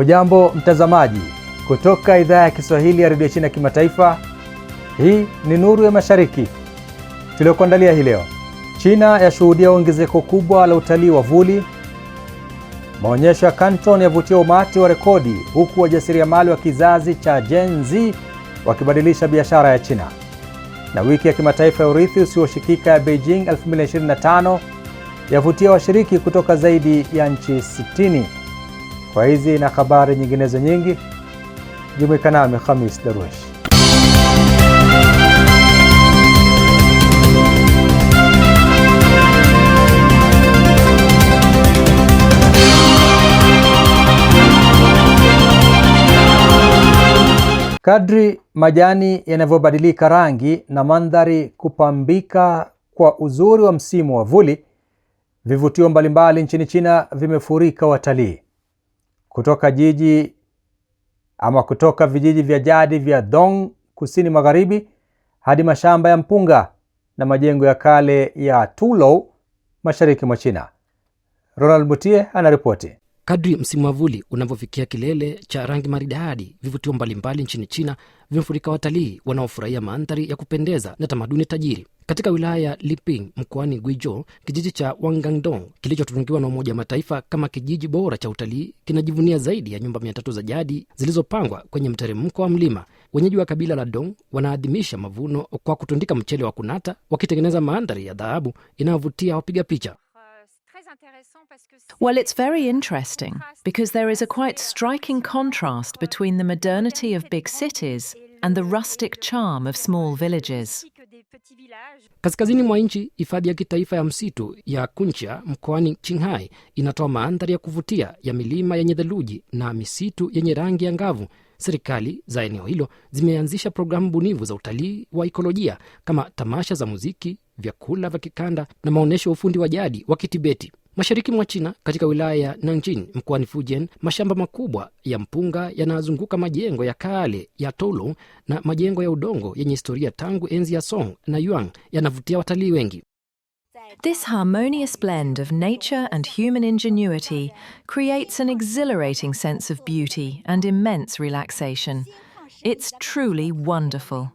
Hujambo mtazamaji kutoka idhaa ya Kiswahili ya redio China ya kimataifa. Hii ni Nuru ya Mashariki tuliyokuandalia hii leo. China yashuhudia ongezeko kubwa la utalii wa vuli. Maonyesho ya Canton yavutia umati wa rekodi, huku wajasiriamali wa kizazi cha Gen Z wakibadilisha biashara ya China. Na wiki ya kimataifa ya urithi usioshikika ya Beijing 2025 yavutia washiriki kutoka zaidi ya nchi 60. Kwa hizi na habari nyinginezo nyingi, jumuika nami Khamis Darwesh. Kadri majani yanavyobadilika rangi na mandhari kupambika kwa uzuri wa msimu wa vuli, vivutio mbalimbali nchini China vimefurika watalii kutoka jiji ama kutoka vijiji vya jadi vya Dong kusini magharibi hadi mashamba ya mpunga na majengo ya kale ya Tulou mashariki mwa China. Ronald Mutie anaripoti. Kadri msimu wa vuli unavyofikia kilele cha rangi maridadi, vivutio mbalimbali nchini China vimefurika watalii wanaofurahia mandhari ya kupendeza na tamaduni tajiri katika wilaya ya Liping mkoani guijo kijiji cha Wangangdong kilichotunukiwa na Umoja Mataifa kama kijiji bora cha utalii kinajivunia zaidi ya nyumba mia tatu za jadi zilizopangwa kwenye mteremko wa mlima. Wenyeji wa kabila la Dong wanaadhimisha mavuno kwa kutundika mchele wa kunata, wakitengeneza mandhari ya dhahabu inayovutia wapiga picha. Well, it's very interesting because there is a quite striking contrast between the modernity of big cities and the rustic charm of small villages. Kaskazini mwa nchi, hifadhi ya kitaifa ya msitu ya Kuncha mkoani Qinghai inatoa mandhari ya kuvutia ya milima yenye theluji na misitu yenye rangi ya ngavu. Serikali za eneo hilo zimeanzisha programu bunifu za utalii wa ikolojia kama tamasha za muziki, vyakula vya kikanda na maonyesho ya ufundi wa jadi wa Kitibeti. Mashariki mwa China, katika wilaya ya Nanjing mkoani Fujian, mashamba makubwa ya mpunga yanazunguka majengo ya kale ya tolo na majengo ya udongo yenye historia tangu enzi ya Song na Yuan yanavutia watalii wengi. This harmonious blend of nature and human ingenuity creates an exhilarating sense of beauty and immense relaxation. It's truly wonderful.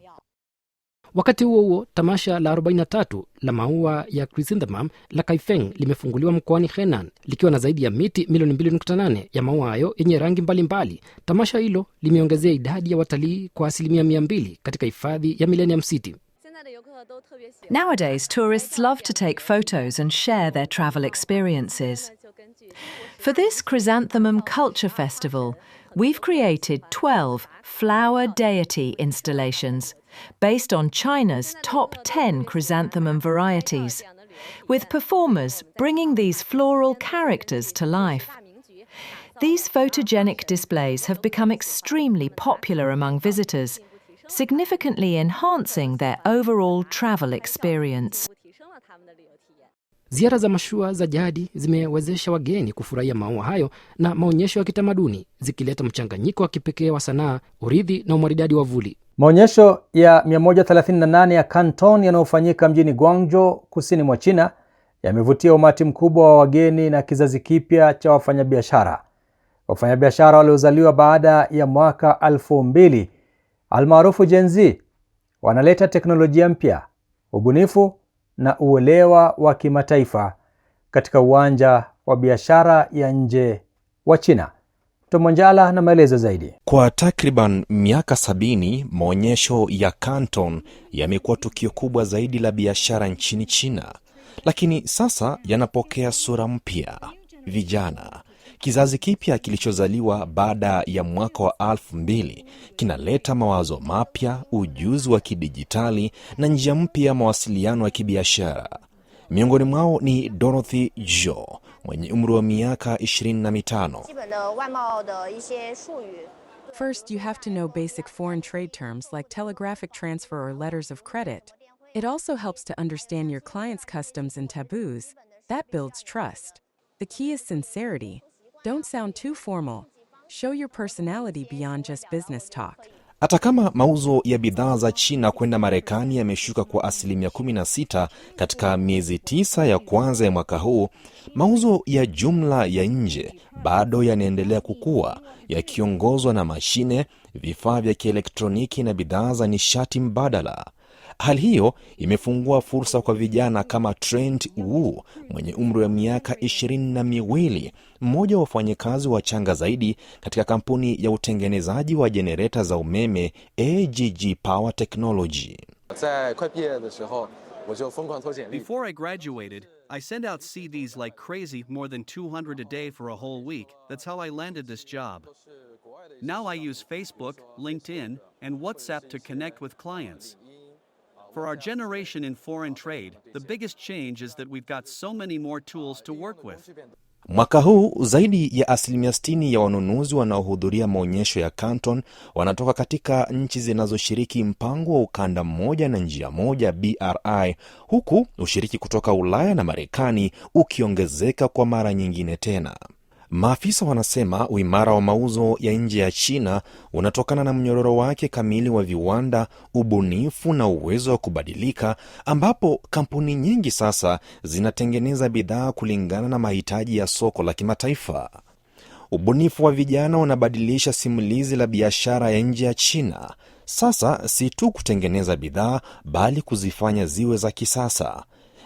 Wakati huo huo, tamasha la 43 la maua ya chrysanthemum la Kaifeng limefunguliwa mkoani Henan likiwa na zaidi ya miti milioni 2.8 ya maua hayo yenye rangi mbalimbali mbali. Tamasha hilo limeongezea idadi ya watalii kwa asilimia 200 katika hifadhi ya Millennium City. Nowadays, tourists love to take photos and share their travel experiences. For this Chrysanthemum Culture Festival, we've created 12 flower deity installations based on China's top 10 chrysanthemum varieties, with performers bringing these floral characters to life. These photogenic displays have become extremely popular among visitors, significantly enhancing their overall travel experience. Ziara za mashua za jadi zimewezesha wageni kufurahia maua hayo na maonyesho ya kitamaduni, zikileta mchanganyiko wa kipekee wa sanaa, urithi na umaridadi wa vuli. Maonyesho ya 138 ya Canton yanayofanyika mjini Guangzhou, kusini mwa China, yamevutia umati mkubwa wa wageni na kizazi kipya cha wafanyabiashara. Wafanyabiashara waliozaliwa baada ya mwaka 20 almaarufu Gen Z wanaleta teknolojia mpya, ubunifu na uelewa wa kimataifa katika uwanja wa biashara ya nje wa China. Tomonjala na maelezo zaidi. Kwa takriban miaka sabini, maonyesho ya Canton yamekuwa tukio kubwa zaidi la biashara nchini China, lakini sasa yanapokea sura mpya. Vijana Kizazi kipya kilichozaliwa baada ya mwaka wa alfu mbili kinaleta mawazo mapya, ujuzi wa kidijitali na njia mpya ya mawasiliano ya kibiashara. Miongoni mwao ni Dorothy Jo mwenye umri wa miaka 25. First you have to know basic foreign trade terms like telegraphic transfer or letters of credit. It also helps to understand your client's customs and taboos. That builds trust. The key is sincerity. Don't sound too formal. Show your personality beyond just business talk. Hata kama mauzo ya bidhaa za China kwenda Marekani yameshuka kwa asilimia 16 katika miezi tisa ya kwanza ya mwaka huu, mauzo ya jumla ya nje bado yanaendelea kukua, yakiongozwa na mashine, vifaa vya kielektroniki na bidhaa za nishati mbadala. Hali hiyo imefungua fursa kwa vijana kama Trent Wu mwenye umri wa miaka ishirini na miwili, mmoja wa wafanyakazi changa zaidi katika kampuni ya utengenezaji wa jenereta za umeme AGG Power Technology. Before I graduated, I sent out CDs like crazy, more than 200 a day for a whole week. That's how I landed this job. Now I use Facebook, LinkedIn, and WhatsApp to connect with clients. For our generation in foreign trade, the biggest change is that we've got so many more tools to work with. Mwaka huu zaidi ya asilimia 60 ya wanunuzi wanaohudhuria maonyesho ya Canton wanatoka katika nchi zinazoshiriki mpango wa ukanda mmoja na njia moja BRI, huku ushiriki kutoka Ulaya na Marekani ukiongezeka kwa mara nyingine tena. Maafisa wanasema uimara wa mauzo ya nje ya China unatokana na mnyororo wake kamili wa viwanda, ubunifu na uwezo wa kubadilika, ambapo kampuni nyingi sasa zinatengeneza bidhaa kulingana na mahitaji ya soko la kimataifa. Ubunifu wa vijana unabadilisha simulizi la biashara ya nje ya China. Sasa si tu kutengeneza bidhaa, bali kuzifanya ziwe za kisasa.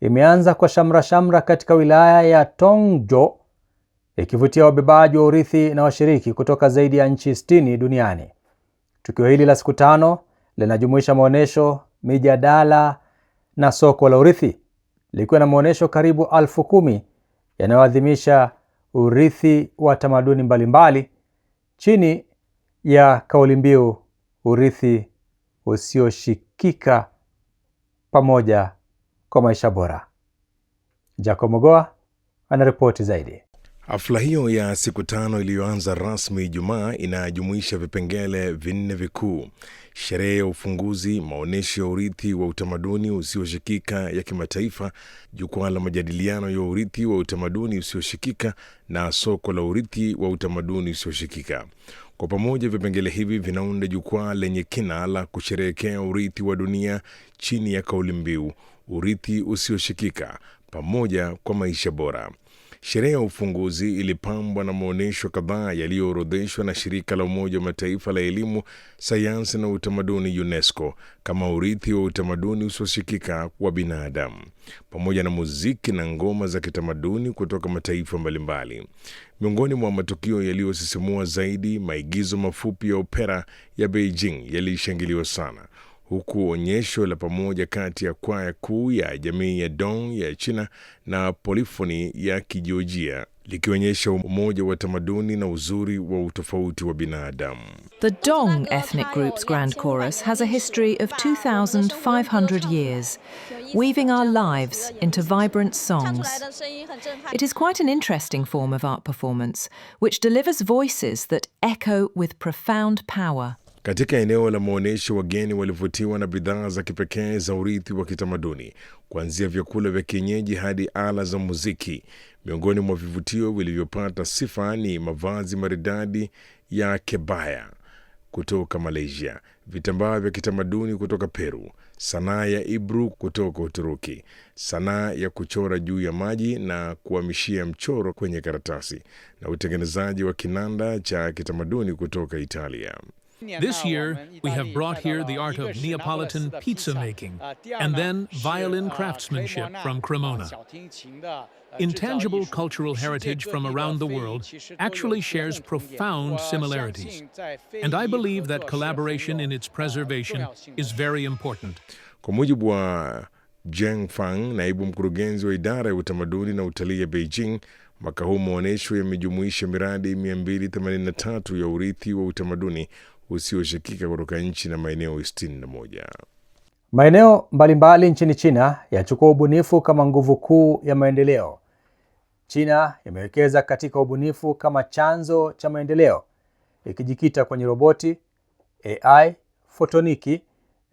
imeanza kwa shamra shamra katika wilaya ya Tongjo ikivutia wabebaji wa urithi na washiriki kutoka zaidi ya nchi stini duniani. Tukio hili la siku tano linajumuisha maonyesho, mijadala na soko la urithi, likiwa na maonyesho karibu alfu kumi yanayoadhimisha urithi wa tamaduni mbalimbali mbali, chini ya kauli mbiu urithi usioshikika pamoja kwa maisha bora. Jacob Mogoa anaripoti zaidi. Hafla hiyo ya siku tano iliyoanza rasmi Ijumaa inajumuisha vipengele vinne vikuu: sherehe ya ufunguzi, maonyesho ya urithi wa utamaduni usioshikika ya kimataifa, jukwaa la majadiliano ya urithi wa utamaduni usioshikika na soko la urithi wa utamaduni usioshikika. Kwa pamoja, vipengele hivi vinaunda jukwaa lenye kina la kusherehekea urithi wa dunia chini ya kauli mbiu urithi usioshikika pamoja kwa maisha bora. Sherehe ya ufunguzi ilipambwa na maonyesho kadhaa yaliyoorodheshwa na shirika la Umoja wa Mataifa la elimu, sayansi na utamaduni UNESCO kama urithi wa utamaduni usioshikika wa binadamu, pamoja na muziki na ngoma za kitamaduni kutoka mataifa mbalimbali. Miongoni mwa matukio yaliyosisimua zaidi, maigizo mafupi ya opera ya Beijing yalishangiliwa sana huku onyesho la pamoja kati ya kwaya kuu ya jamii ya Dong ya China na polifoni ya Kijiojia likionyesha umoja wa tamaduni na uzuri wa utofauti wa binadamu. The Dong ethnic group's grand chorus has a history of 2500 years, weaving our lives into vibrant songs. It is quite an interesting form of art performance, which delivers voices that echo with profound power. Katika eneo la maonyesho, wageni walivutiwa na bidhaa za kipekee za urithi wa kitamaduni, kuanzia vyakula vya kienyeji hadi ala za muziki. Miongoni mwa vivutio vilivyopata sifa ni mavazi maridadi ya kebaya kutoka Malaysia, vitambaa vya kitamaduni kutoka Peru, sanaa ya Ibru kutoka Uturuki, sanaa ya kuchora juu ya maji na kuhamishia mchoro kwenye karatasi, na utengenezaji wa kinanda cha kitamaduni kutoka Italia. This year, we have brought here the art of Neapolitan pizza making uh, and then violin uh, craftsmanship from Cremona. Uh, Intangible cultural heritage from around the world actually shares profound similarities, and I believe that collaboration in its preservation is very important. Kwa mujibu wa Jiang Fang, naibu mkurugenzi wa idara ya utamaduni na utalii ya Beijing, mwaka huu maonyesho yamejumuisha miradi 283 ya urithi wa utamaduni usioshikika kutoka nchi na maeneo 61. Maeneo mbalimbali nchini China yachukua ubunifu kama nguvu kuu ya maendeleo. China imewekeza katika ubunifu kama chanzo cha maendeleo, ikijikita kwenye roboti, AI, fotoniki,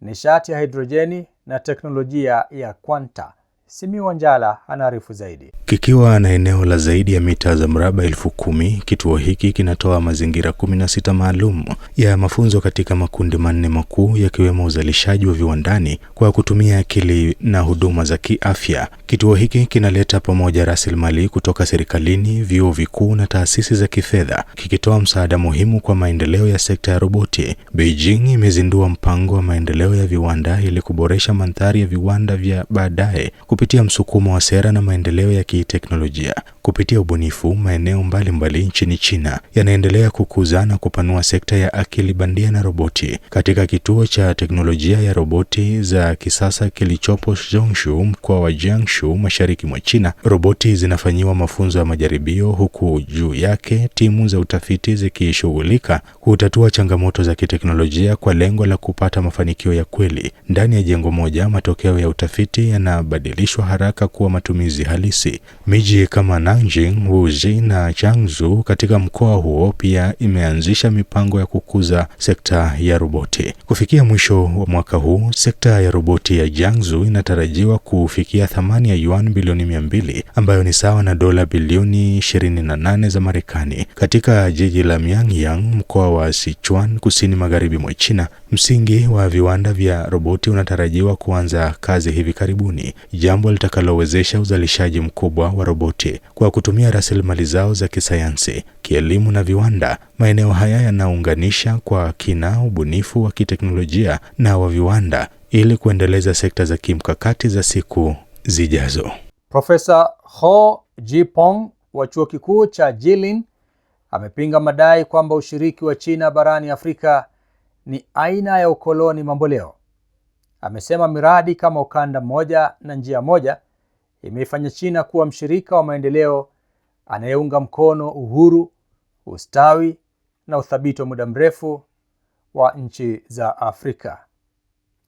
nishati ya hidrojeni na teknolojia ya kwanta. Simi Wanjala anaarifu zaidi. Kikiwa na eneo la zaidi ya mita za mraba elfu kumi, kituo hiki kinatoa mazingira kumi na sita maalum ya mafunzo katika makundi manne makuu yakiwemo uzalishaji wa viwandani kwa kutumia akili na huduma za kiafya. Kituo hiki kinaleta pamoja rasilimali kutoka serikalini, vyuo vikuu na taasisi za kifedha, kikitoa msaada muhimu kwa maendeleo ya sekta ya roboti. Beijing imezindua mpango wa maendeleo ya viwanda ili kuboresha mandhari ya viwanda vya baadaye kupitia msukumo wa sera na maendeleo ya kiteknolojia kupitia ubunifu maeneo mbalimbali nchini China yanaendelea kukuza na kupanua sekta ya akili bandia na roboti. Katika kituo cha teknolojia ya roboti za kisasa kilichopo Zhongshu, mkoa wa Jiangsu, mashariki mwa China, roboti zinafanyiwa mafunzo ya majaribio, huku juu yake timu za utafiti zikishughulika kutatua changamoto za kiteknolojia kwa lengo la kupata mafanikio ya kweli. Ndani ya jengo moja, matokeo ya utafiti yanabadilishwa haraka kuwa matumizi halisi. Miji kama na Nanjing, Wuxi na Changzu katika mkoa huo pia imeanzisha mipango ya kukuza sekta ya roboti. Kufikia mwisho wa mwaka huu, sekta ya roboti ya Changzu inatarajiwa kufikia thamani ya yuan bilioni mbili ambayo ni sawa na dola bilioni 28 za Marekani. Katika jiji la Mianyang, mkoa wa Sichuan, kusini magharibi mwa China, msingi wa viwanda vya roboti unatarajiwa kuanza kazi hivi karibuni, jambo litakalowezesha uzalishaji mkubwa wa roboti. Kwa kwa kutumia rasilimali zao za kisayansi, kielimu na viwanda. Maeneo haya yanaunganisha kwa kina ubunifu wa kiteknolojia na wa viwanda ili kuendeleza sekta za kimkakati za siku zijazo. Profesa Ho Jipong wa chuo kikuu cha Jilin amepinga madai kwamba ushiriki wa China barani Afrika ni aina ya ukoloni mamboleo. Amesema miradi kama ukanda mmoja na njia moja imeifanya China kuwa mshirika wa maendeleo anayeunga mkono uhuru, ustawi na uthabiti wa muda mrefu wa nchi za Afrika.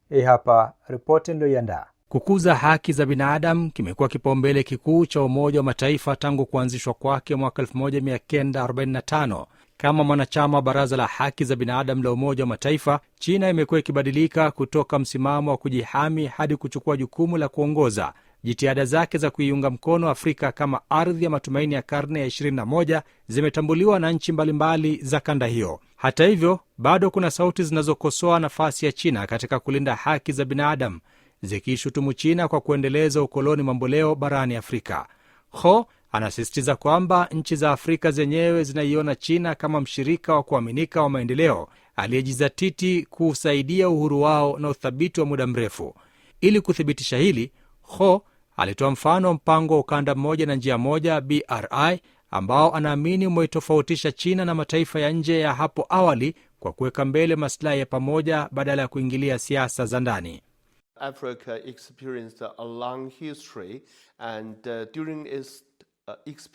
Hii hapa ripoti niliyoiandaa. Kukuza haki za binadamu kimekuwa kipaumbele kikuu cha Umoja wa Mataifa tangu kuanzishwa kwake mwaka 1945. Kama mwanachama wa Baraza la Haki za Binadamu la Umoja wa Mataifa, China imekuwa ikibadilika kutoka msimamo wa kujihami hadi kuchukua jukumu la kuongoza. Jitihada zake za kuiunga mkono Afrika kama ardhi ya matumaini ya karne ya 21 zimetambuliwa na nchi mbalimbali za kanda hiyo. Hata hivyo, bado kuna sauti zinazokosoa nafasi ya China katika kulinda haki za binadamu, zikiishutumu China kwa kuendeleza ukoloni mamboleo barani Afrika. Ho anasisitiza kwamba nchi za Afrika zenyewe zinaiona China kama mshirika wa kuaminika wa maendeleo aliyejizatiti kusaidia uhuru wao na uthabiti wa muda mrefu. Ili kuthibitisha hili, Ho Alitoa mfano wa mpango wa ukanda mmoja na njia moja BRI ambao anaamini umeitofautisha China na mataifa ya nje ya hapo awali kwa kuweka mbele masilahi ya pamoja badala ya kuingilia siasa za ndani. Uh, uh,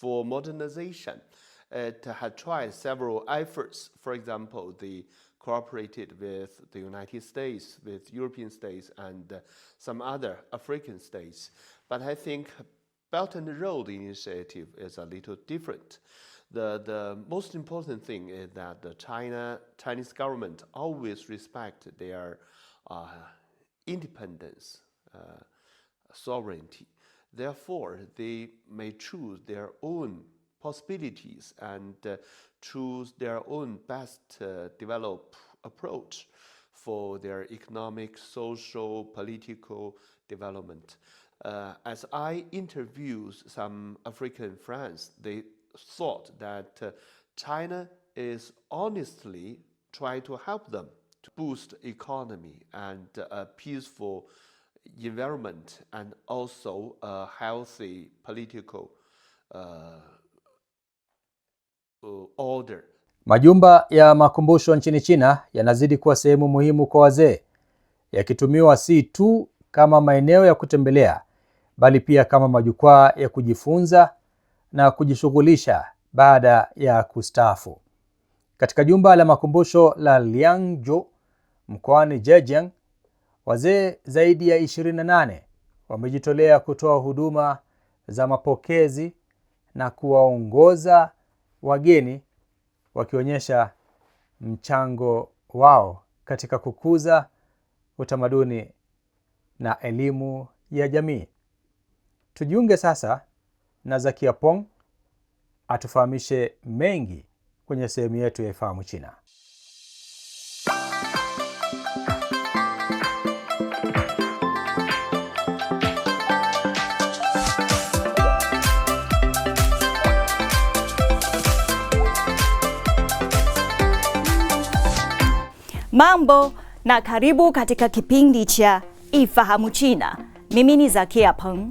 for modernization it had tried several efforts for example the cooperated with the United States, with European states, and uh, some other African states. But I think Belt and Road Initiative is a little different. The, the most important thing is that the China Chinese government always respect their uh, independence, uh, sovereignty. Therefore, they may choose their own possibilities and uh, choose their own best uh, develop approach for their economic, social, political development. Uh, as I interviewed some African friends, they thought that uh, China is honestly trying to help them to boost economy and a peaceful environment and also a healthy political uh, Uh, order. Majumba ya makumbusho nchini China yanazidi kuwa sehemu muhimu kwa wazee, yakitumiwa si tu kama maeneo ya kutembelea, bali pia kama majukwaa ya kujifunza na kujishughulisha baada ya kustaafu. Katika jumba la makumbusho la Liangzhou mkoani Zhejiang, wazee zaidi ya 28 wamejitolea kutoa huduma za mapokezi na kuwaongoza wageni wakionyesha mchango wao katika kukuza utamaduni na elimu ya jamii. Tujiunge sasa na Zakia Pong atufahamishe mengi kwenye sehemu yetu ya Ifahamu China. Mambo na karibu katika kipindi cha Ifahamu China. Mimi ni Zakia Peng.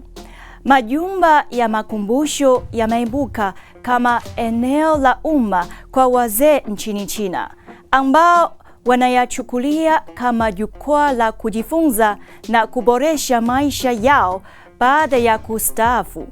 Majumba ya makumbusho yameibuka kama eneo la umma kwa wazee nchini China ambao wanayachukulia kama jukwaa la kujifunza na kuboresha maisha yao baada ya kustaafu.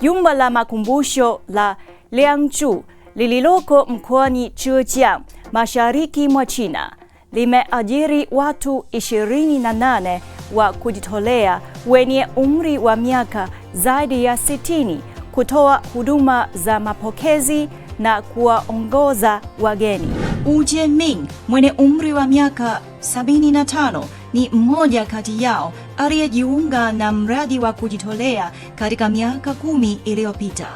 Jumba la makumbusho la Liangchu lililoko mkoani Zhejiang, mashariki mwa China limeajiri watu 28 wa kujitolea wenye umri wa miaka zaidi ya 60 kutoa huduma za mapokezi na kuwaongoza wageni. Wu Jianming mwenye umri wa miaka 75 ni mmoja kati yao aliyejiunga na mradi wa kujitolea katika miaka kumi iliyopita.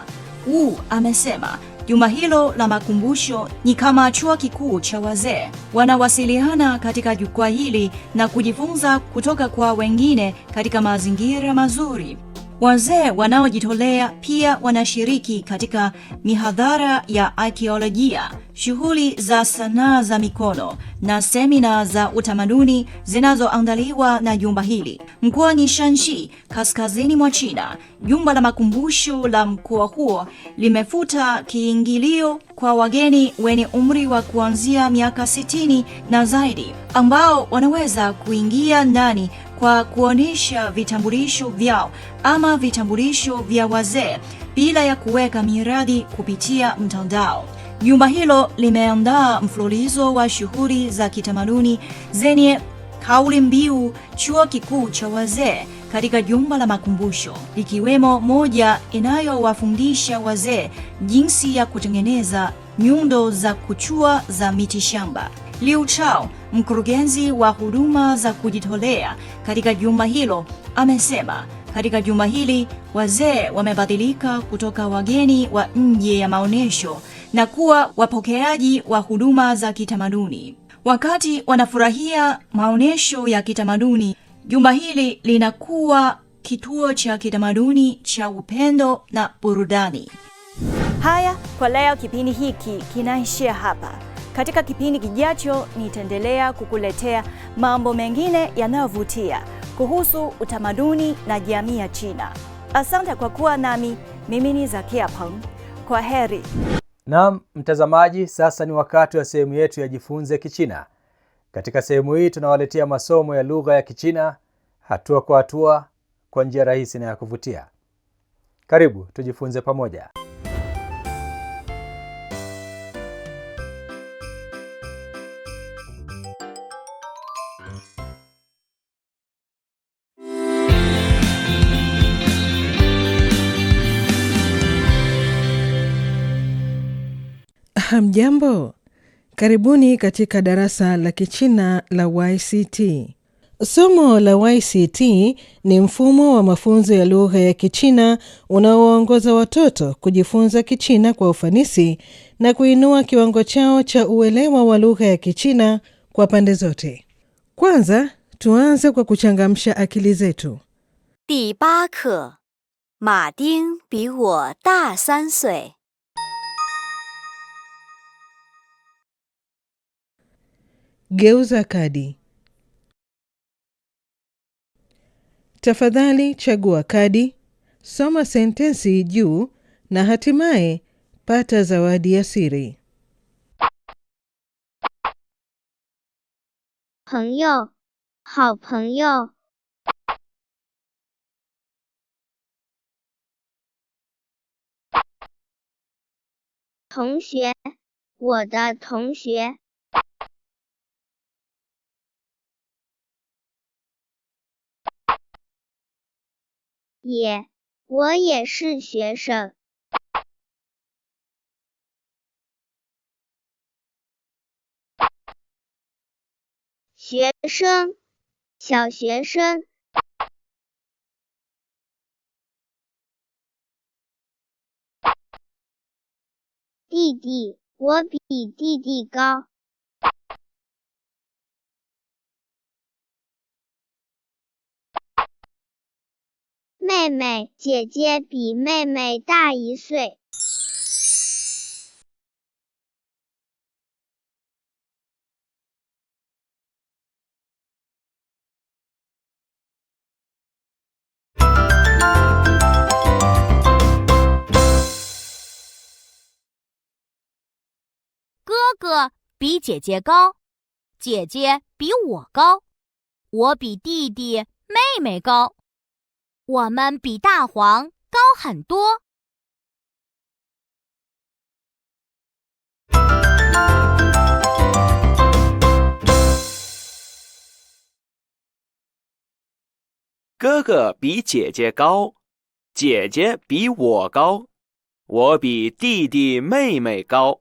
Wu amesema Jumba hilo la makumbusho ni kama chuo kikuu cha wazee. Wanawasiliana katika jukwaa hili na kujifunza kutoka kwa wengine katika mazingira mazuri. Wazee wanaojitolea pia wanashiriki katika mihadhara ya arkeolojia, shughuli za sanaa za mikono na semina za utamaduni zinazoandaliwa na jumba hili. Mkoani Shanxi, kaskazini mwa China, jumba la makumbusho la mkoa huo limefuta kiingilio kwa wageni wenye umri wa kuanzia miaka sitini na zaidi ambao wanaweza kuingia ndani kwa kuonyesha vitambulisho vyao ama vitambulisho vya wazee bila ya kuweka miradi kupitia mtandao. Jumba hilo limeandaa mfululizo wa shughuli za kitamaduni zenye kauli mbiu chuo kikuu cha wazee katika jumba la makumbusho, ikiwemo moja inayowafundisha wazee jinsi ya kutengeneza nyundo za kuchua za miti shamba. Liu Chao, mkurugenzi wa huduma za kujitolea katika jumba hilo, amesema katika jumba hili wazee wamebadilika kutoka wageni wa nje ya maonyesho na kuwa wapokeaji wa huduma za kitamaduni. Wakati wanafurahia maonyesho ya kitamaduni, jumba hili linakuwa kituo cha kitamaduni cha upendo na burudani. Haya, kwa leo kipindi hiki kinaishia hapa. Katika kipindi kijacho nitaendelea kukuletea mambo mengine yanayovutia kuhusu utamaduni na jamii ya China. Asante kwa kuwa nami, mimi ni Zakia Pang. Kwa heri. Naam, mtazamaji, sasa ni wakati wa sehemu yetu ya jifunze Kichina. Katika sehemu hii tunawaletea masomo ya lugha ya Kichina hatua kwa hatua kwa njia rahisi na ya kuvutia. Karibu tujifunze pamoja. Hamjambo, karibuni katika darasa la Kichina la YCT. Somo la YCT ni mfumo wa mafunzo ya lugha ya Kichina unaowaongoza watoto kujifunza Kichina kwa ufanisi na kuinua kiwango chao cha uelewa wa lugha ya Kichina kwa pande zote. Kwanza tuanze kwa kuchangamsha akili zetu. Di ba ke ma ding bi wo da san sui Geuza kadi. Tafadhali chagua kadi, soma sentensi juu na hatimaye pata zawadi ya siri. tongxue. 也，我也是学生。学生，小学生。弟弟，我比弟弟高。妹妹，姐姐比妹妹大一岁。哥哥比姐姐高，姐姐比我高，我比弟弟、妹妹高。我们比大黄高很多。哥哥比姐姐高，姐姐比我高，我比弟弟妹妹高。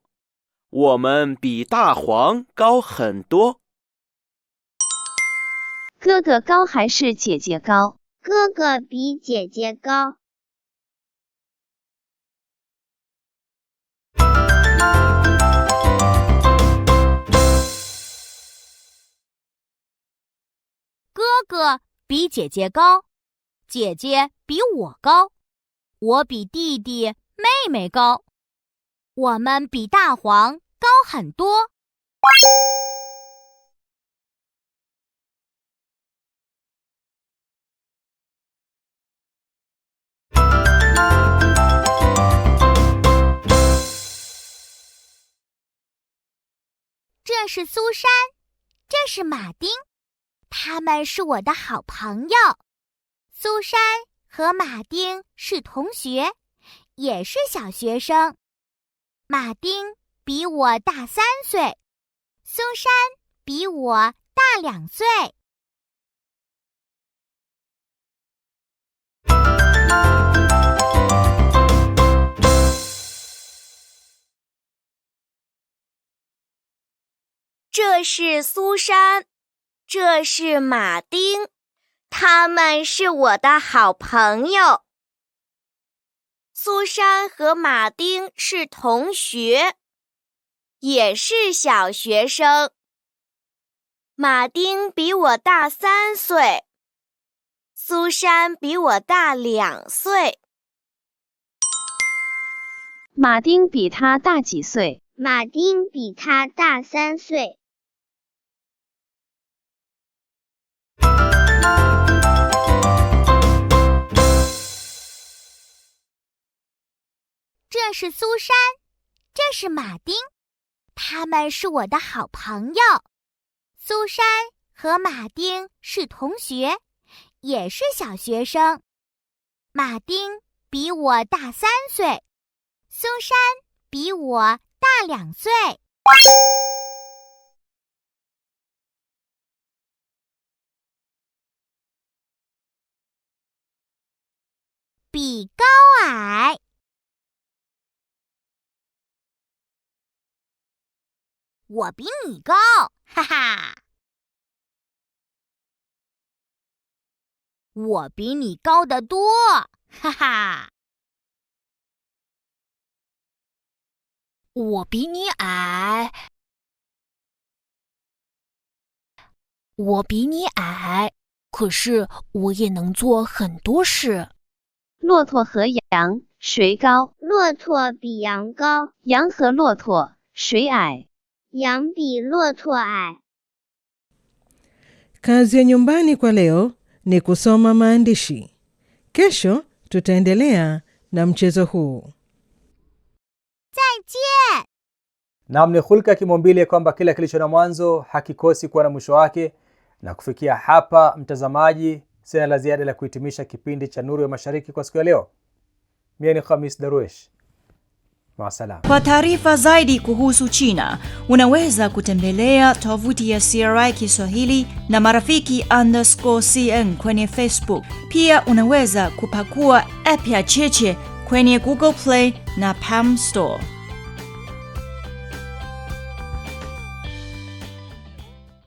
我们比大黄高很多。哥哥高还是姐姐高？哥哥比姐姐高，哥哥比姐姐高，姐姐比我高，我比弟弟妹妹高，我们比大黄高很多。这是苏珊，这是马丁，他们是我的好朋友。苏珊和马丁是同学，也是小学生。马丁比我大三岁，苏珊比我大两岁。这是苏珊，这是马丁，他们是我的好朋友。苏珊和马丁是同学，也是小学生。马丁比我大三岁，苏珊比我大两岁。马丁比他大几岁？马丁比他大三岁。这是苏珊，这是马丁，他们是我的好朋友。苏珊和马丁是同学，也是小学生。马丁比我大三岁，苏珊比我大两岁。比高矮，我比你高，哈哈。我比你高得多，哈哈。我比你矮，我比你矮，可是我也能做很多事。骆驼和羊谁高？骆驼比羊高。羊和骆驼谁矮？羊比骆驼矮。Kazi ya nyumbani kwa leo ni kusoma maandishi. Kesho tutaendelea na mchezo huu. Naam, ni hulka ya kimaumbile kwamba kila kilicho na mwanzo hakikosi kuwa na mwisho wake. Na kufikia hapa, mtazamaji Sina la ziada la kuhitimisha kipindi cha Nuru ya Mashariki kwa siku ya leo. Mie ni Khamis Darwish, Maasala. Kwa taarifa zaidi kuhusu China unaweza kutembelea tovuti ya CRI Kiswahili na marafiki underscore cn kwenye Facebook. Pia unaweza kupakua app ya Cheche kwenye Google Play na Palm Store.